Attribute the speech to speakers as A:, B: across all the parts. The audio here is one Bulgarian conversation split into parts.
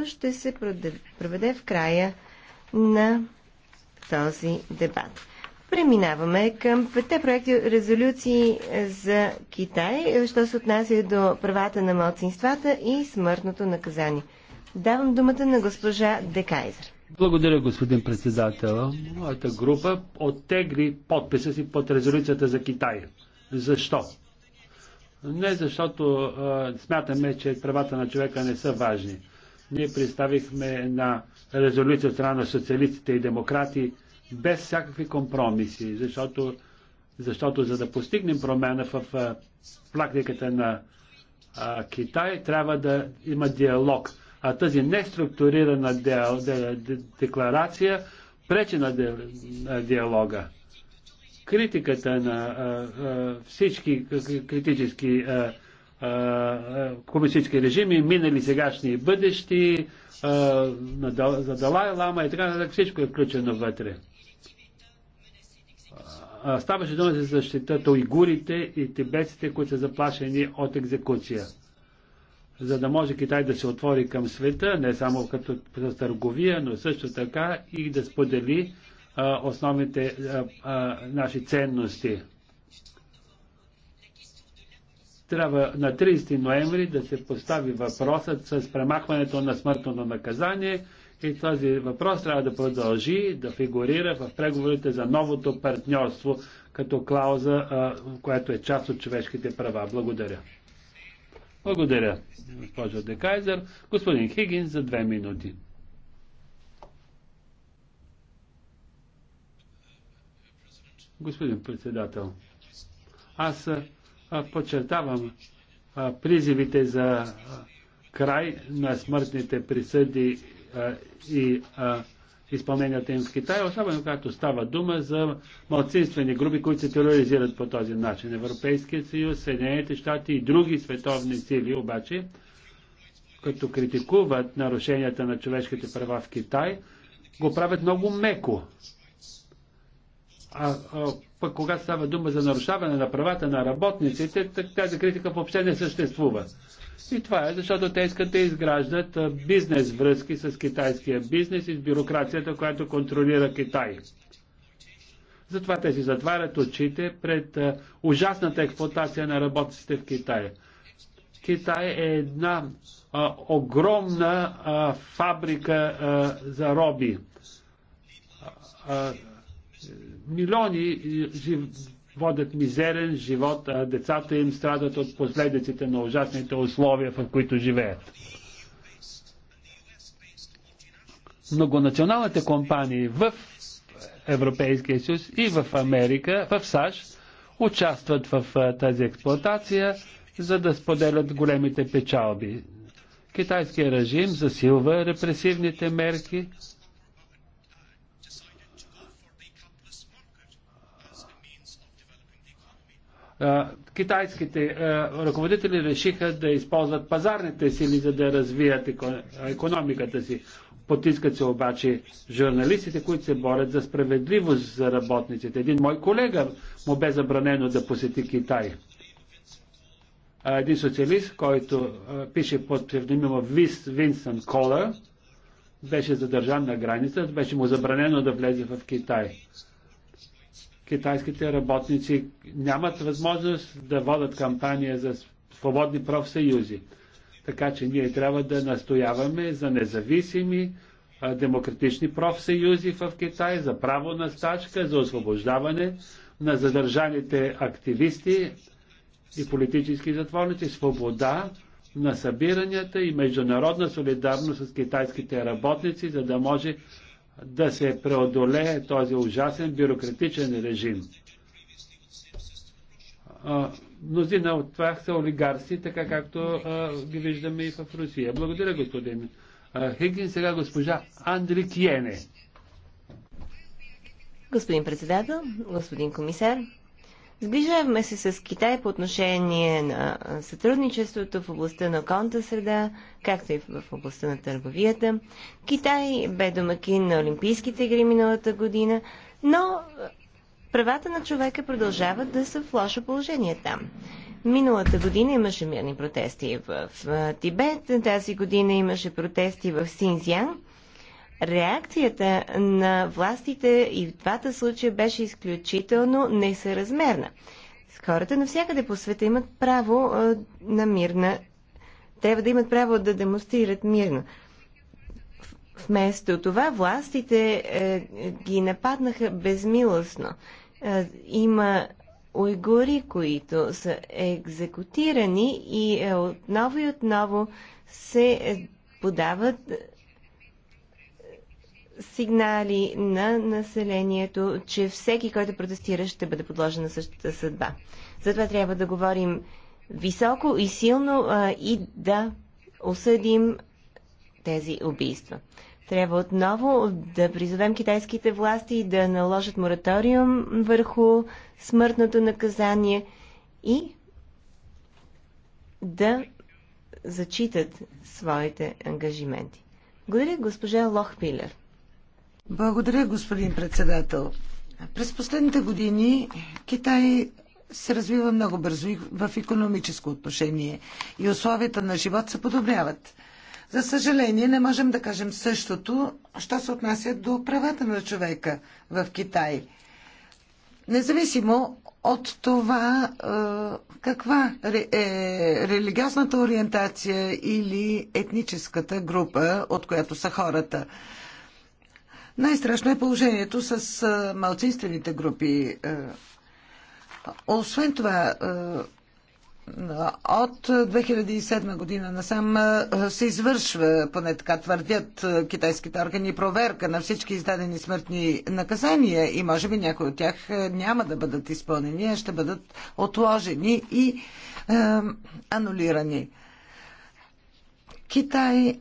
A: който ще се проведе в края на този дебат. Преминаваме към пете проекти резолюции е, за Китай, е, що се отнася до правата на младсинствата и смъртното наказание. Давам думата на госпожа Декайзер.
B: Благодаря, господин председател. Моята група оттегли подписа си под резолюцията за Китай. Защо? Не защото а, смятаме, че правата на човека не са важни. Ние представихме на резолюция от страна на социалистите и демократи без всякакви компромиси, защото, защото за да постигнем промяна в практиката на а, Китай, трябва да има диалог. А тази неструктурирана диал, де, де, декларация пречи на, де, на диалога. Критиката на а, а, всички критически а, комунистически режими, минали сегашни и бъдещи, за Далай Лама и така нататък, всичко е включено вътре. Ставаше дума за от уйгурите и тибетците, които са заплашени от екзекуция. За да може Китай да се отвори към света, не само като търговия, но също така и да сподели основните а, а, наши ценности трябва на 30 ноември да се постави въпросът с премахването на смъртното наказание и този въпрос трябва да продължи да фигурира в преговорите за новото партньорство като клауза, която е част от човешките права. Благодаря. Благодаря, госпожо Декайзер. Господин Хигин за две минути. Господин председател, аз подчертавам призивите за край на смъртните присъди и изпълненията им в Китай, особено когато става дума за малцинствени групи, които се тероризират по този начин. Европейския съюз, Съединените щати и други световни сили обаче, като критикуват нарушенията на човешките права в Китай, го правят много меко. А, а пък когато става дума за нарушаване на правата на работниците, тази критика въобще не съществува. И това е, защото те искат да изграждат бизнес връзки с китайския бизнес и с бюрокрацията, която контролира Китай. Затова те си затварят очите пред ужасната експлуатация на работниците в Китай. Китай е една а, огромна а, фабрика а, за роби. А, а, Милиони жив... водят мизерен живот, а децата им страдат от последиците на ужасните условия, в които живеят. Многонационалните компании в Европейския съюз и в Америка, в САЩ, участват в тази експлоатация, за да споделят големите печалби. Китайският режим засилва репресивните мерки, Китайските ръководители решиха да използват пазарните сили, за да развият економиката си. Потискат се обаче журналистите, които се борят за справедливост за работниците. Един мой колега му бе забранено да посети Китай. Един социалист, който пише под псевдонима Вис Винсън Колър, беше задържан на граница, беше му забранено да влезе в Китай китайските работници нямат възможност да водят кампания за свободни профсъюзи. Така че ние трябва да настояваме за независими демократични профсъюзи в Китай, за право на стачка, за освобождаване на задържаните активисти и политически затворници, свобода на събиранията и международна солидарност с китайските работници, за да може да се преодолее този ужасен бюрократичен режим. Мнозина от това са олигарси, така както ги виждаме и в Русия. Благодаря, господин Хигин. Сега госпожа Андри Киене. Господин
A: председател, господин комисар, Сближаваме се с Китай по отношение на сътрудничеството в областта на конта среда, както и в областта на търговията. Китай бе домакин на Олимпийските игри миналата година, но правата на човека продължават да са в лошо положение там. Миналата година имаше мирни протести в Тибет, тази година имаше протести в Синзян реакцията на властите и в двата случая беше изключително несъразмерна. Хората навсякъде по света имат право на мирна. Трябва да имат право да демонстрират мирно. Вместо това властите е, ги нападнаха безмилостно. Е, има уйгури, които са екзекутирани и е, отново и отново се подават сигнали на населението, че всеки, който протестира, ще бъде подложен на същата съдба. Затова трябва да говорим високо и силно а, и да осъдим тези убийства. Трябва отново да призовем китайските власти да наложат мораториум върху смъртното наказание и да зачитат своите ангажименти.
C: Благодаря госпожа Лохпилер. Благодаря, господин председател. През последните години Китай се развива много бързо и в економическо отношение и условията на живот се подобряват. За съжаление, не можем да кажем същото, що се отнася до правата на човека в Китай. Независимо от това каква е религиозната ориентация или етническата група, от която са хората. Най-страшно е положението с малцинствените групи. Освен това, от 2007 година насам се извършва, поне така твърдят китайските органи, проверка на всички издадени смъртни наказания и може би някои от тях няма да бъдат изпълнени, а ще бъдат отложени и е, анулирани. Китай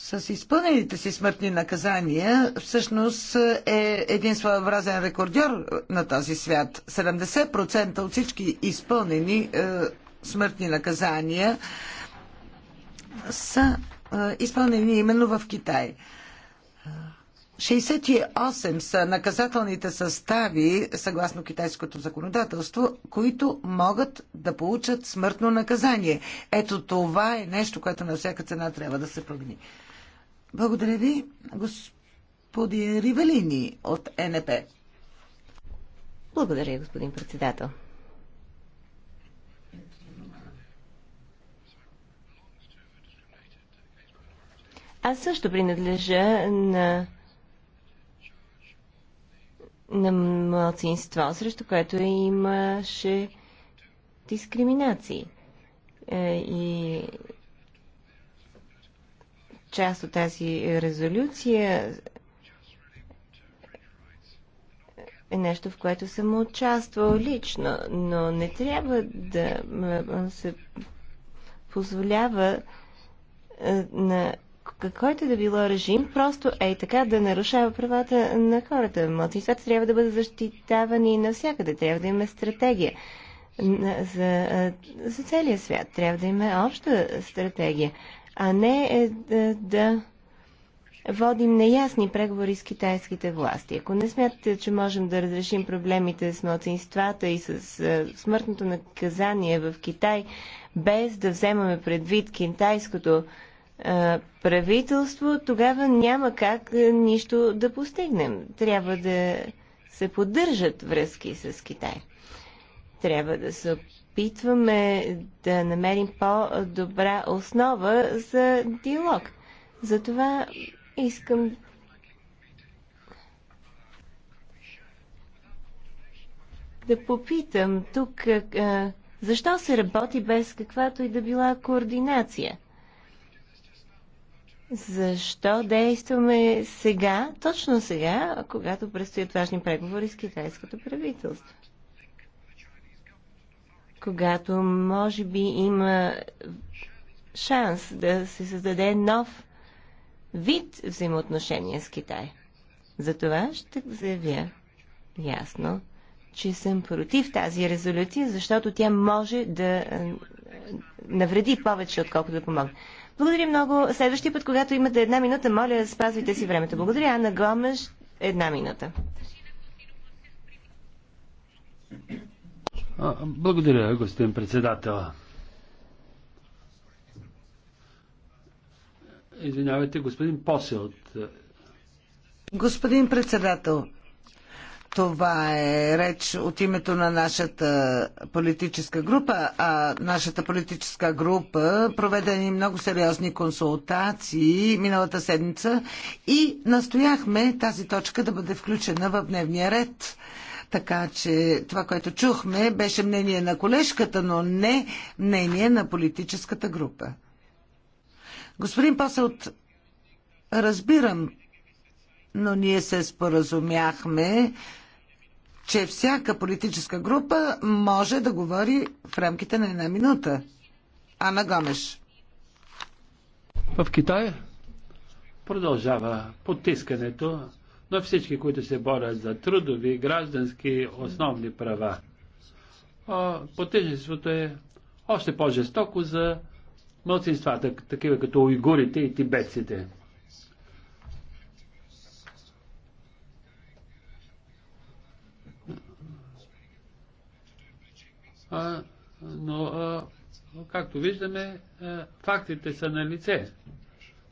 C: с изпълнените си смъртни наказания всъщност е един своеобразен рекордьор на този свят. 70% от всички изпълнени е, смъртни наказания са е, изпълнени именно в Китай. 68 са наказателните състави, съгласно китайското законодателство, които могат да получат смъртно наказание. Ето това е нещо, което на всяка цена трябва да се промени. Благодаря ви, господи Ривелини от НП. Благодаря, господин председател.
A: Аз също принадлежа на на младсинство, срещу което имаше дискриминации. Е, и част от тази резолюция е нещо, в което съм участвал лично, но не трябва да се позволява е, на който да било режим, просто е така да нарушава правата на хората. Младсинствата трябва да бъдат защитавани навсякъде. Трябва да има стратегия за, е, за целия свят. Трябва да има обща стратегия а не е да, е, да водим неясни преговори с китайските власти. Ако не смятате, че можем да разрешим проблемите с младсинствата и с е, смъртното наказание в Китай, без да вземаме предвид китайското е, правителство, тогава няма как нищо да постигнем. Трябва да се поддържат връзки с Китай. Трябва да се опитваме да намерим по-добра основа за диалог. Затова искам да попитам тук защо се работи без каквато и да била координация. Защо действаме сега, точно сега, когато предстоят важни преговори с китайското правителство? когато може би има шанс да се създаде нов вид взаимоотношения с Китай. Затова ще заявя ясно, че съм против тази резолюция, защото тя може да е, навреди повече, отколкото да помогне. Благодаря много. Следващия път, когато имате една минута, моля, спазвайте си времето. Благодаря, Анна Гомеш. Една минута.
B: Благодаря, господин председател. Извинявайте, господин Посел. Е,
C: господин председател, това е реч от името на нашата политическа група, а нашата политическа група проведени много сериозни консултации миналата седмица и настояхме тази точка да бъде включена в дневния ред така че това, което чухме, беше мнение на колежката, но не мнение на политическата група. Господин Пасълт, разбирам, но ние се споразумяхме, че всяка политическа група може да говори в рамките на една минута. Ана Гомеш.
B: В Китай продължава потискането на всички, които се борят за трудови, граждански, основни права. Потежеството е още по-жестоко за мълцинствата, такива като уйгурите и тибетците. А, но, а, както виждаме, а, е, фактите са на лице.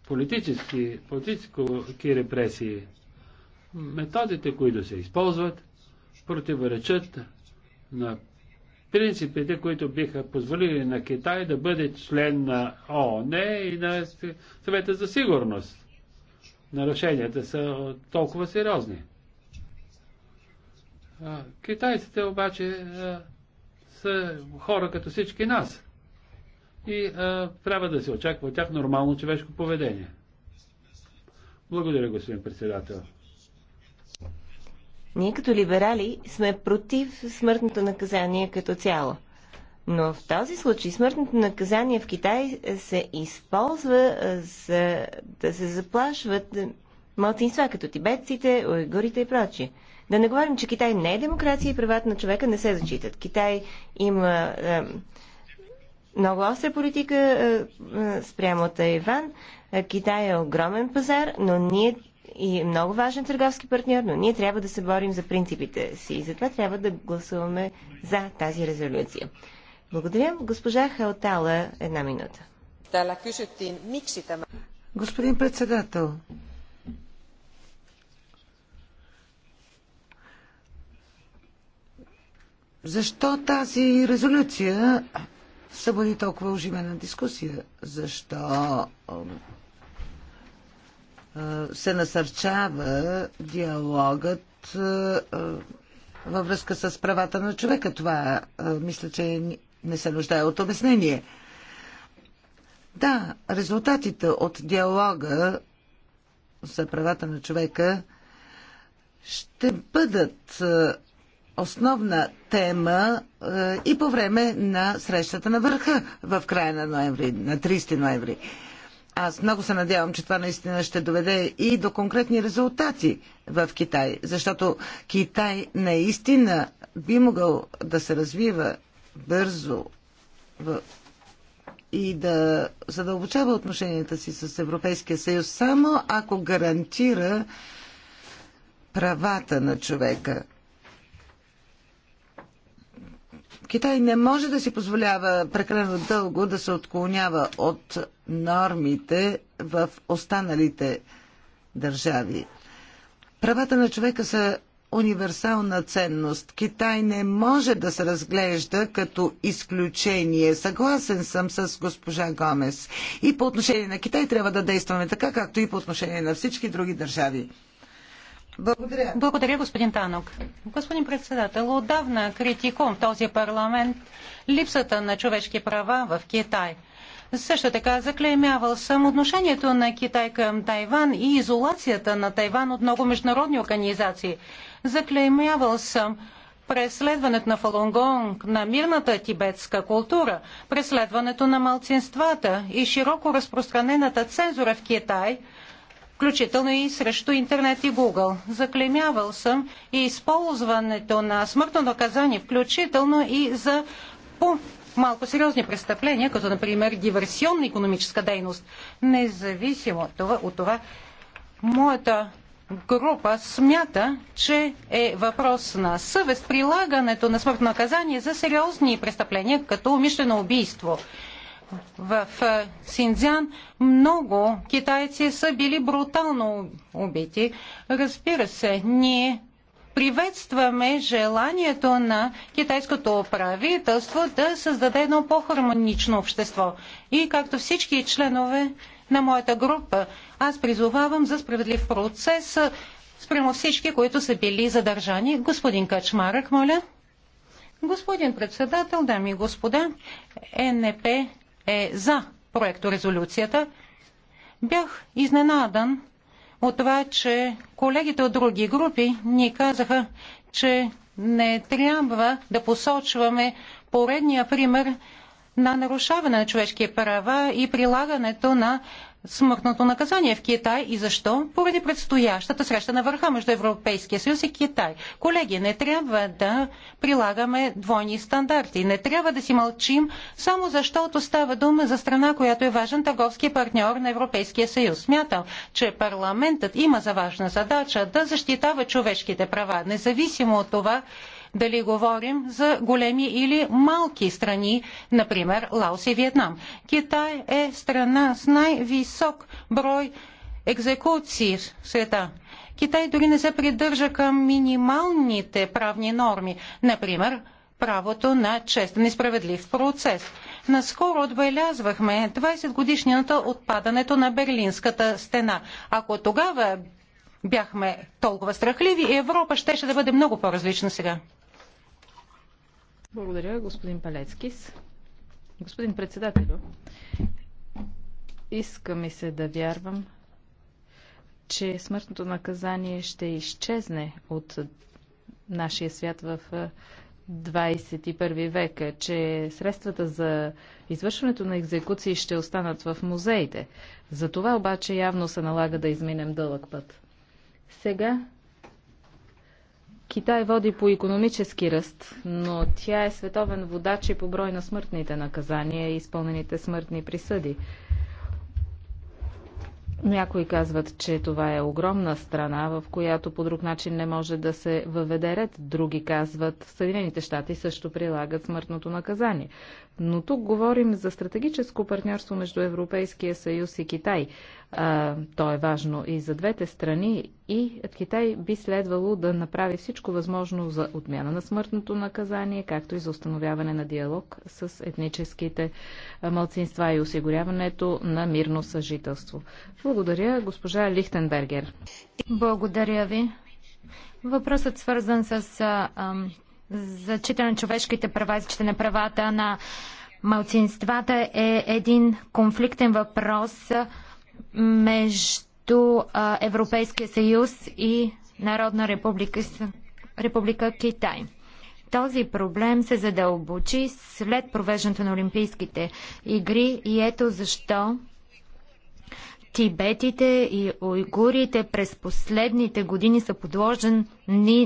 B: Политически, политически репресии методите, които се използват, противоречат на принципите, които биха позволили на Китай да бъде член на ООН и на съвета за сигурност. Нарушенията са толкова сериозни. Китайците обаче са хора като всички нас. И трябва да се очаква от тях нормално човешко поведение. Благодаря, господин председател.
A: Ние като либерали сме против смъртното наказание като цяло. Но в този случай смъртното наказание в Китай се използва за да се заплашват малцинства, като тибетците, уйгурите и прочие. Да не говорим, че Китай не е демокрация и правата на човека не се зачитат. Китай има е, много остра политика е, спрямо Тайван. Китай е огромен пазар, но ние и е много важен търговски партньор, но ние трябва да се борим за принципите си и затова трябва да гласуваме за тази резолюция. Благодаря. Госпожа Халтала, една минута.
C: Господин председател, защо тази резолюция събуди толкова оживена дискусия? Защо се насърчава диалогът във връзка с правата на човека. Това мисля, че не се нуждае от обяснение. Да, резултатите от диалога за правата на човека ще бъдат основна тема и по време на срещата на върха в края на ноември, на 30 ноември. Аз много се надявам, че това наистина ще доведе и до конкретни резултати в Китай, защото Китай наистина би могъл да се развива бързо и да задълбочава отношенията си с Европейския съюз, само ако гарантира правата на човека. Китай не може да си позволява прекалено дълго да се отклонява от нормите в останалите държави. Правата на човека са универсална ценност. Китай не може да се разглежда като изключение. Съгласен съм с госпожа Гомес. И по отношение на Китай трябва да действаме така, както и по отношение на всички други държави. Благодаря. Благодаря, господин Танок. Господин председател, отдавна критикувам в този парламент
D: липсата на човешки права в Китай. Също така заклеймявал съм отношението на Китай към Тайван и изолацията на Тайван от много международни организации. Заклеймявал съм преследването на Фалунгонг, на мирната тибетска култура, преследването на малцинствата и широко разпространената цензура в Китай – включително и срещу интернет и Google. Заклемявал съм и използването на смъртно наказание, включително и за по малко сериозни престъпления, като например диверсионна економическа дейност. Независимо от това, от това моята група смята, че е въпрос на съвест прилагането на смъртно наказание за сериозни престъпления, като умишлено убийство в е, Синдзян много китайци са били брутално убити. Разбира се, ние приветстваме желанието на китайското правителство да създаде едно по-хармонично общество. И както всички членове на моята група, аз призовавам за справедлив процес спрямо всички, които са били задържани. Господин Качмарък, моля. Господин председател, дами и господа, е НП е за проекторезолюцията. Бях изненадан от това, че колегите от други групи ни казаха, че не трябва да посочваме поредния пример на нарушаване на човешки права и прилагането на смъртното наказание в Китай и защо? Поради предстоящата среща на върха между Европейския съюз и Китай. Колеги, не трябва да прилагаме двойни стандарти. Не трябва да си мълчим, само защото става дума за страна, която е важен търговски партньор на Европейския съюз. Смятам, че парламентът има за важна задача да защитава човешките права, независимо от това, дали говорим за големи или малки страни, например Лаос и Виетнам. Китай е страна с най-висок брой екзекуции в света. Китай дори не се придържа към минималните правни норми, например правото на честен и справедлив процес. Наскоро отбелязвахме 20 годишнината от падането на Берлинската стена. Ако тогава бяхме толкова страхливи, Европа щеше да бъде много по-различна сега.
E: Благодаря, господин Палецкис. Господин председател, иска ми се да вярвам, че смъртното наказание ще изчезне от нашия свят в 21 век, че средствата за извършването на екзекуции ще останат в музеите. За това обаче явно се налага да изминем дълъг път. Сега Китай води по економически ръст, но тя е световен водач и по брой на смъртните наказания и изпълнените смъртни присъди. Някои казват, че това е огромна страна, в която по друг начин не може да се въведе ред. Други казват, Съединените щати също прилагат смъртното наказание. Но тук говорим за стратегическо партньорство между Европейския съюз и Китай. А, то е важно и за двете страни и Китай би следвало да направи всичко възможно за отмяна на смъртното наказание, както и за установяване на диалог с етническите малцинства и осигуряването на мирно съжителство. Благодаря, госпожа Лихтенбергер.
F: Благодаря ви. Въпросът свързан с а, а, зачитане на човешките права, зачитане на правата на малцинствата е един конфликтен въпрос. А, между а, Европейския съюз и Народна република, република Китай. Този проблем се задълбочи след провеждането на Олимпийските игри и ето защо тибетите и уйгурите през последните години са подложени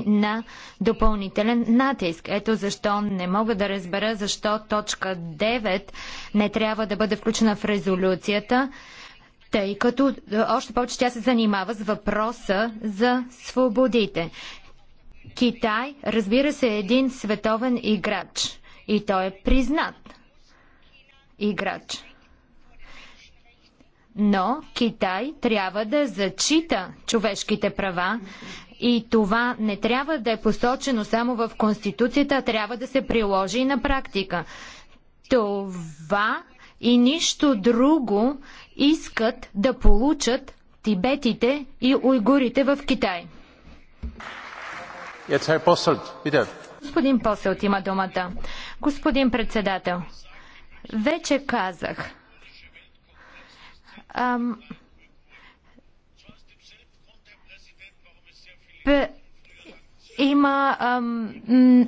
F: на допълнителен натиск. Ето защо не мога да разбера защо точка 9 не трябва да бъде включена в резолюцията тъй като е, още повече тя се занимава с въпроса за свободите. Китай, разбира се, е един световен играч и той е признат играч. Но Китай трябва да зачита човешките права и това не трябва да е посочено само в Конституцията, а трябва да се приложи и на практика. Това и нищо друго искат да получат тибетите и уйгурите в Китай. Господин Поселт има думата. Господин председател, вече казах. Ам, п, има ам,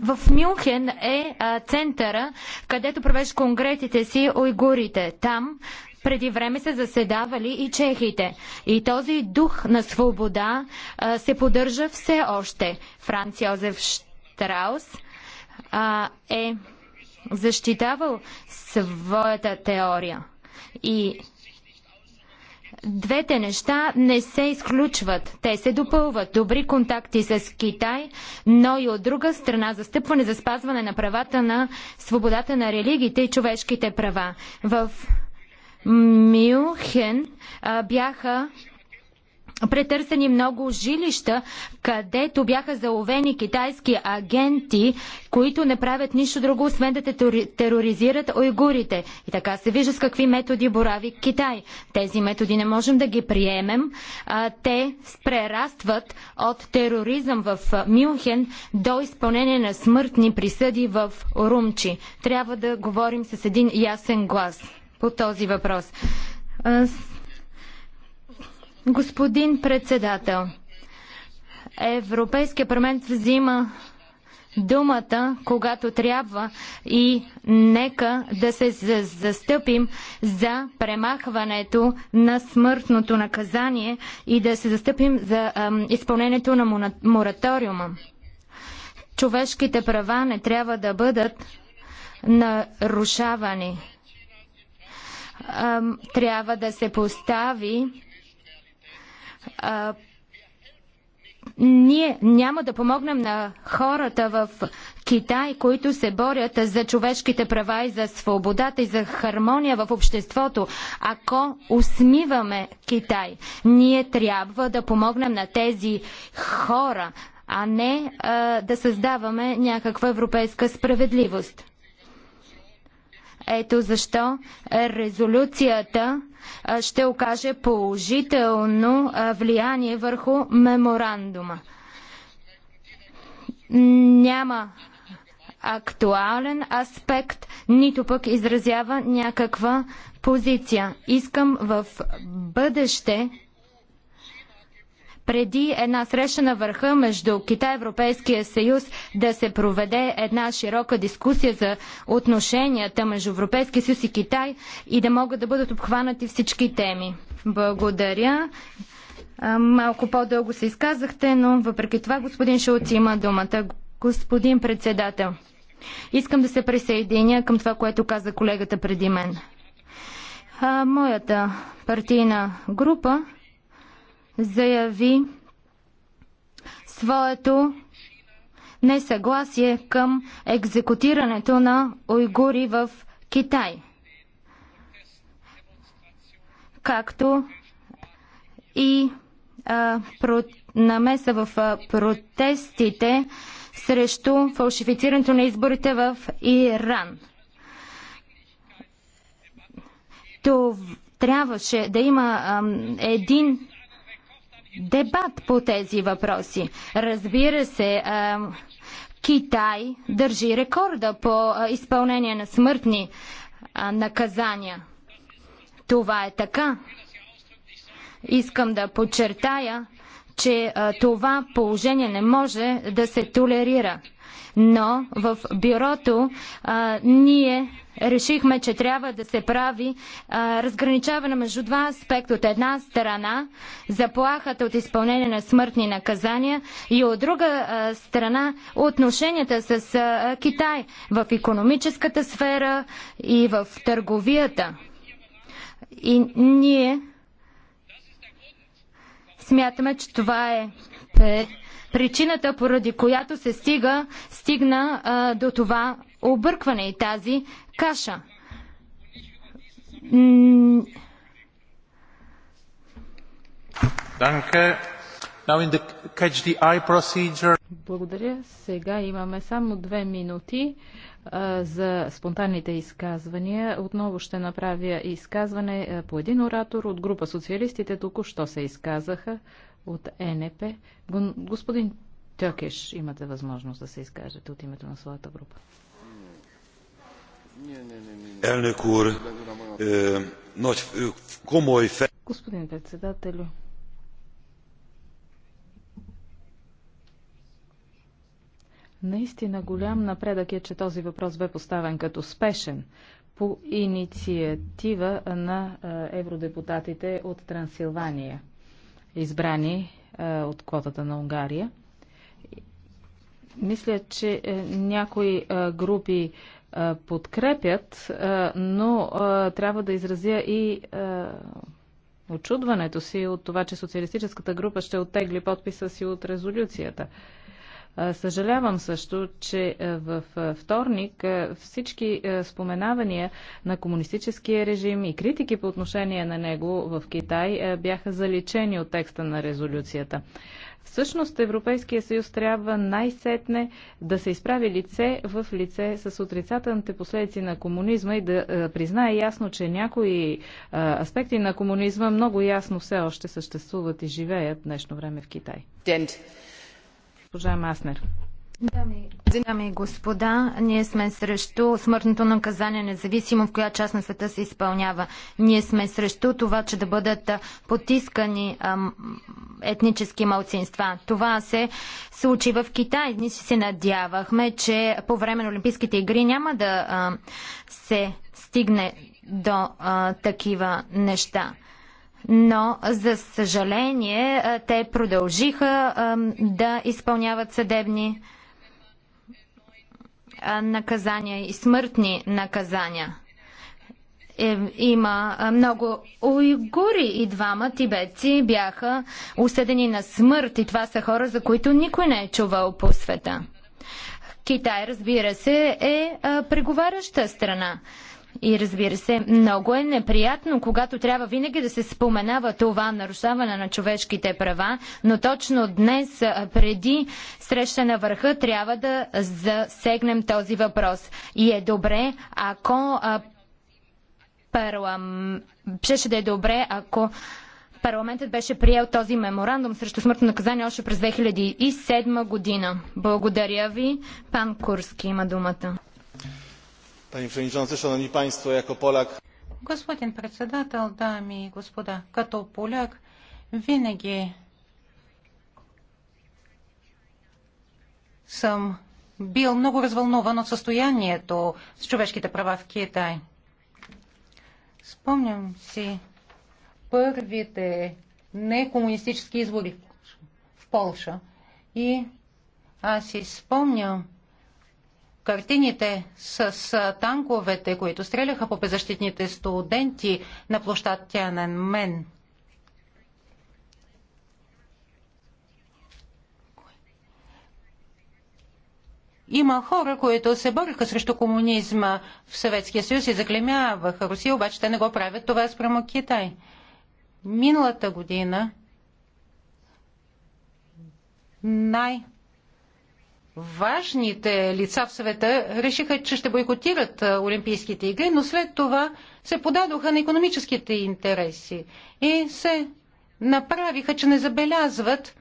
F: в Мюнхен е а, центъра, където провеждат конгретите си уйгурите. Там преди време са заседавали и чехите. И този дух на свобода а, се поддържа все още. Франц Йозеф Штраус а, е защитавал своята теория. И двете неща не се изключват. Те се допълват. Добри контакти с Китай, но и от друга страна застъпване за спазване на правата на свободата на религиите и човешките права. В Мюнхен бяха претърсени много жилища, където бяха заловени китайски агенти, които не правят нищо друго, освен да те тероризират уйгурите. И така се вижда с какви методи борави Китай. Тези методи не можем да ги приемем. те прерастват от тероризъм в Мюнхен до изпълнение на смъртни присъди в Румчи. Трябва да говорим с един ясен глас по този въпрос. Господин председател, Европейския парламент взима думата, когато трябва и нека да се застъпим за премахването на смъртното наказание и да се застъпим за ам, изпълнението на мораториума. Човешките права не трябва да бъдат нарушавани трябва да се постави ние няма да помогнем на хората в Китай, които се борят за човешките права и за свободата и за хармония в обществото. Ако усмиваме Китай, ние трябва да помогнем на тези хора, а не а, да създаваме някаква европейска справедливост. Ето защо резолюцията ще окаже положително влияние върху меморандума. Няма актуален аспект, нито пък изразява някаква позиция. Искам в бъдеще преди една среща на върха между Китай и Европейския съюз да се проведе една широка дискусия за отношенията между Европейския съюз и Китай и да могат да бъдат обхванати всички теми. Благодаря. Малко по-дълго се изказахте, но въпреки това господин Шулц има думата. Господин председател, искам да се присъединя към това, което каза колегата преди мен. А, моята партийна група заяви своето несъгласие към екзекутирането на уйгури в Китай, както и а, про, намеса в а, протестите срещу фалшифицирането на изборите в Иран. То трябваше да има а, един дебат по тези въпроси. Разбира се, Китай държи рекорда по изпълнение на смъртни наказания. Това е така. Искам да подчертая, че това положение не може да се толерира но в бюрото а, ние решихме, че трябва да се прави а, разграничаване между два аспекта. От една страна заплахата от изпълнение на смъртни наказания и от друга а, страна отношенията с а, Китай в економическата сфера и в търговията. И ние смятаме, че това е причината, поради която се стига, стигна а, до това объркване и тази каша.
E: Благодаря. Сега имаме само две минути а, за спонтанните изказвания. Отново ще направя изказване по един оратор от група социалистите. Току-що се изказаха от ЕНП. Господин Тъкеш, имате възможност да се изкажете от името на своята група.
B: Е, е,
E: господин председателю, Наистина голям напредък е, че този въпрос бе поставен като спешен по инициатива на е, евродепутатите от Трансилвания – избрани от квотата на Унгария. Мисля, че е, някои групи подкрепят, но трябва да изразя и очудването си от това, че социалистическата група ще оттегли подписа си от резолюцията. Съжалявам също, че в вторник всички споменавания на комунистическия режим и критики по отношение на него в Китай бяха заличени от текста на резолюцията. Всъщност Европейския съюз трябва най-сетне да се изправи лице в лице с отрицателните последици на комунизма и да признае ясно, че някои аспекти на комунизма много ясно все още съществуват и живеят в днешно време в Китай госпожа Маснер.
F: Дами, и господа, ние сме срещу смъртното наказание, независимо в коя част на света се изпълнява. Ние сме срещу това, че да бъдат потискани ам, етнически малцинства. Това се случи в Китай. Ние се надявахме, че по време на Олимпийските игри няма да ам, се стигне до а, такива неща но за съжаление те продължиха да изпълняват съдебни наказания и смъртни наказания. Е, има много уйгури и двама тибетци бяха осъдени на смърт и това са хора, за които никой не е чувал по света. Китай, разбира се, е преговаряща страна. И разбира се, много е неприятно, когато трябва винаги да се споменава това нарушаване на човешките права, но точно днес, преди среща на върха, трябва да засегнем този въпрос. И е добре, ако парлам... Щеше да е добре, ако парламентът беше приел този меморандум срещу смъртно наказание още през 2007 година. Благодаря ви. Пан Курски има думата. Panie Przewodniczący, Szanowni Państwo, jako Polak... Господин председател, дами и господа,
D: като поляк винаги съм бил много развълнуван от състоянието с човешките права в Китай. Спомням си първите некомунистически избори в Полша и аз си спомням картините с танковете, които стреляха по беззащитните студенти на площад мен. Има хора, които се бориха срещу комунизма в Съветския съюз и заклемяваха Русия, обаче те не го правят това е спрямо Китай. Миналата година най- важните лица в света решиха, че ще бойкотират Олимпийските игри, но след това се подадоха на економическите интереси и се направиха, че не забелязват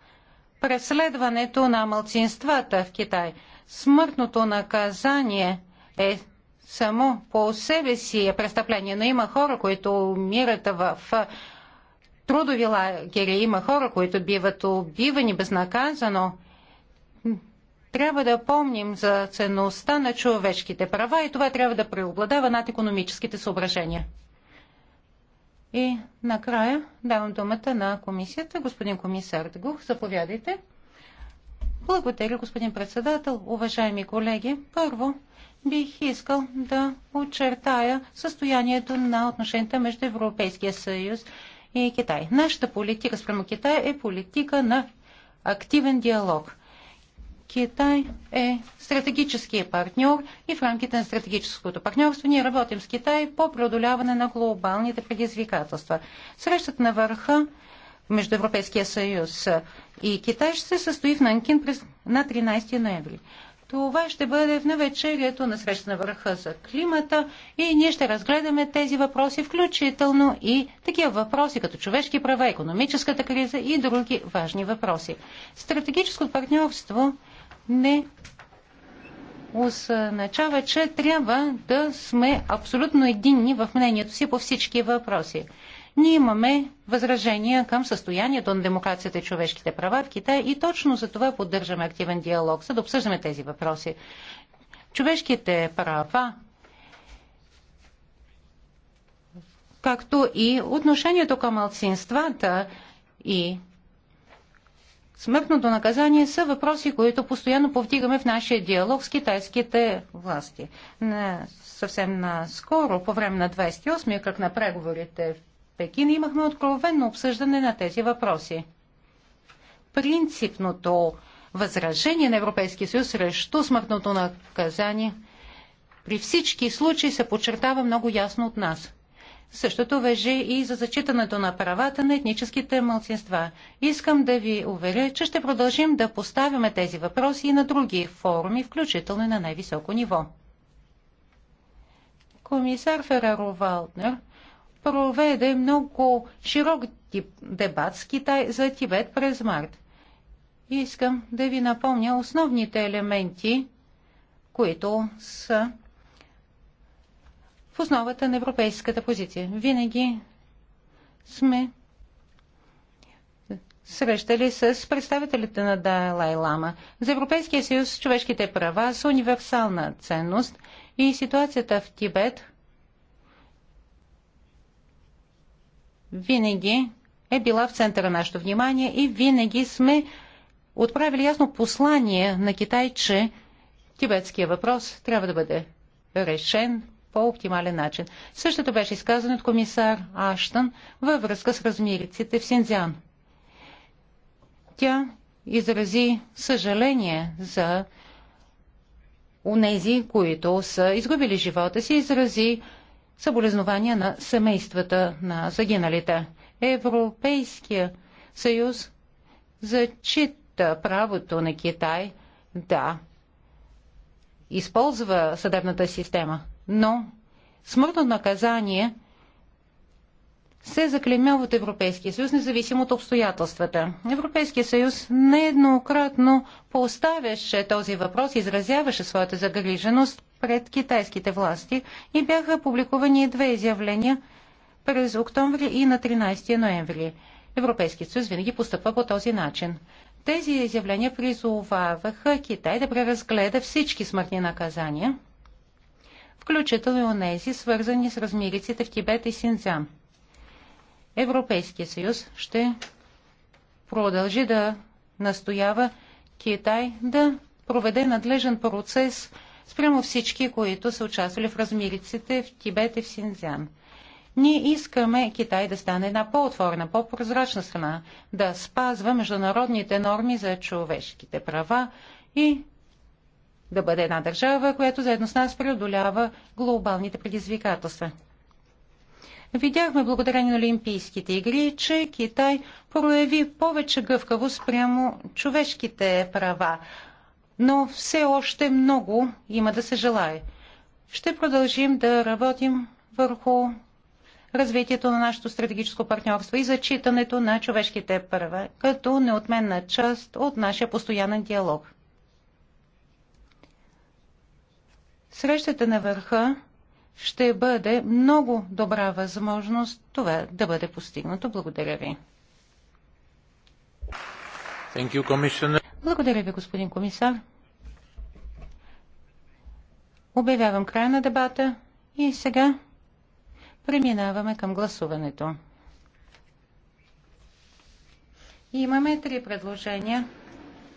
D: преследването на малцинствата в Китай. Смъртното наказание е само по себе си е престъпление, но има хора, които умират в трудови лагери, има хора, които биват убивани безнаказано. Трябва да помним за ценността на човешките права и това трябва да преобладава над економическите съображения. И накрая давам думата на комисията. Господин комисар Дегух, заповядайте. Благодаря, господин председател. Уважаеми колеги, първо бих искал да очертая състоянието на отношенията между Европейския съюз и Китай. Нашата политика спрямо Китай е политика на активен диалог. Китай е стратегическия партньор и в рамките на стратегическото партньорство ние работим с Китай по преодоляване на глобалните предизвикателства. Срещата на върха между Европейския съюз и Китай ще се състои в Нанкин през, на 13 ноември. Това ще бъде в навечерието на среща на върха за климата и ние ще разгледаме тези въпроси, включително и такива въпроси като човешки права, економическата криза и други важни въпроси. Стратегическото партньорство не означава, че трябва да сме абсолютно единни в мнението си по всички въпроси. Ние имаме възражения към състоянието на демокрацията и човешките права в Китай и точно за това поддържаме активен диалог, за да обсъждаме тези въпроси. Човешките права както и отношението към малцинствата и смъртното наказание са въпроси, които постоянно повдигаме в нашия диалог с китайските власти. Не, съвсем наскоро, по време на 28-я кръг на преговорите в Пекин, имахме откровенно обсъждане на тези въпроси. Принципното възражение на Европейския съюз срещу смъртното наказание при всички случаи се подчертава много ясно от нас – Същото въжи и за зачитането на правата на етническите мълцинства. Искам да ви уверя, че ще продължим да поставяме тези въпроси и на други форуми, включително и на най-високо ниво. Комисар Фераро Валднер проведе много широк дебат с Китай за Тибет през март. Искам да ви напомня основните елементи, които са в основата на европейската позиция. Винаги сме срещали с представителите на Далай Лама. За Европейския съюз човешките права са универсална ценност и ситуацията в Тибет винаги е била в центъра на нашето внимание и винаги сме отправили ясно послание на Китай, че тибетския въпрос трябва да бъде решен по-оптимален начин. Същото беше изказано от комисар Аштън във връзка с размириците в Синдзян. Тя изрази съжаление за унези, които са изгубили живота си, изрази съболезнования на семействата на загиналите. Европейския съюз зачита правото на Китай да използва съдебната система но смъртно наказание се заклемява от Европейския съюз, независимо от обстоятелствата. Европейския съюз нееднократно поставяше този въпрос, изразяваше своята загриженост пред китайските власти и бяха публикувани две изявления през октомври и на 13 ноември. Европейският съюз винаги постъпва по този начин. Тези изявления призоваваха Китай да преразгледа всички смъртни наказания – включително и онези, свързани с размириците в Тибет и Синдзян. Европейския съюз ще продължи да настоява Китай да проведе надлежен процес спрямо всички, които са участвали в размириците в Тибет и в Синзян. Ние искаме Китай да стане една по-отворена, по-прозрачна страна, да спазва международните норми за човешките права и да бъде една държава, която заедно с нас преодолява глобалните предизвикателства. Видяхме благодарение на Олимпийските игри, че Китай прояви повече гъвкавост прямо човешките права, но все още много има да се желае. Ще продължим да работим върху развитието на нашето стратегическо партньорство и зачитането на човешките права като неотменна част от нашия постоянен диалог. Срещата на върха ще бъде много добра възможност това да бъде постигнато. Благодаря ви.
B: You,
D: Благодаря ви, господин комисар. Обявявам края на дебата и сега преминаваме към гласуването. Имаме три предложения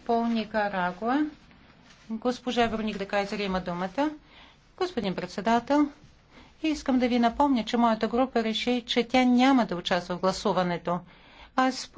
D: по Никарагуа. Госпожа Вероник Декайзер има думата. Господин председател, искам да ви напомня, че моята група реши, че тя няма да участва в гласуването. Аз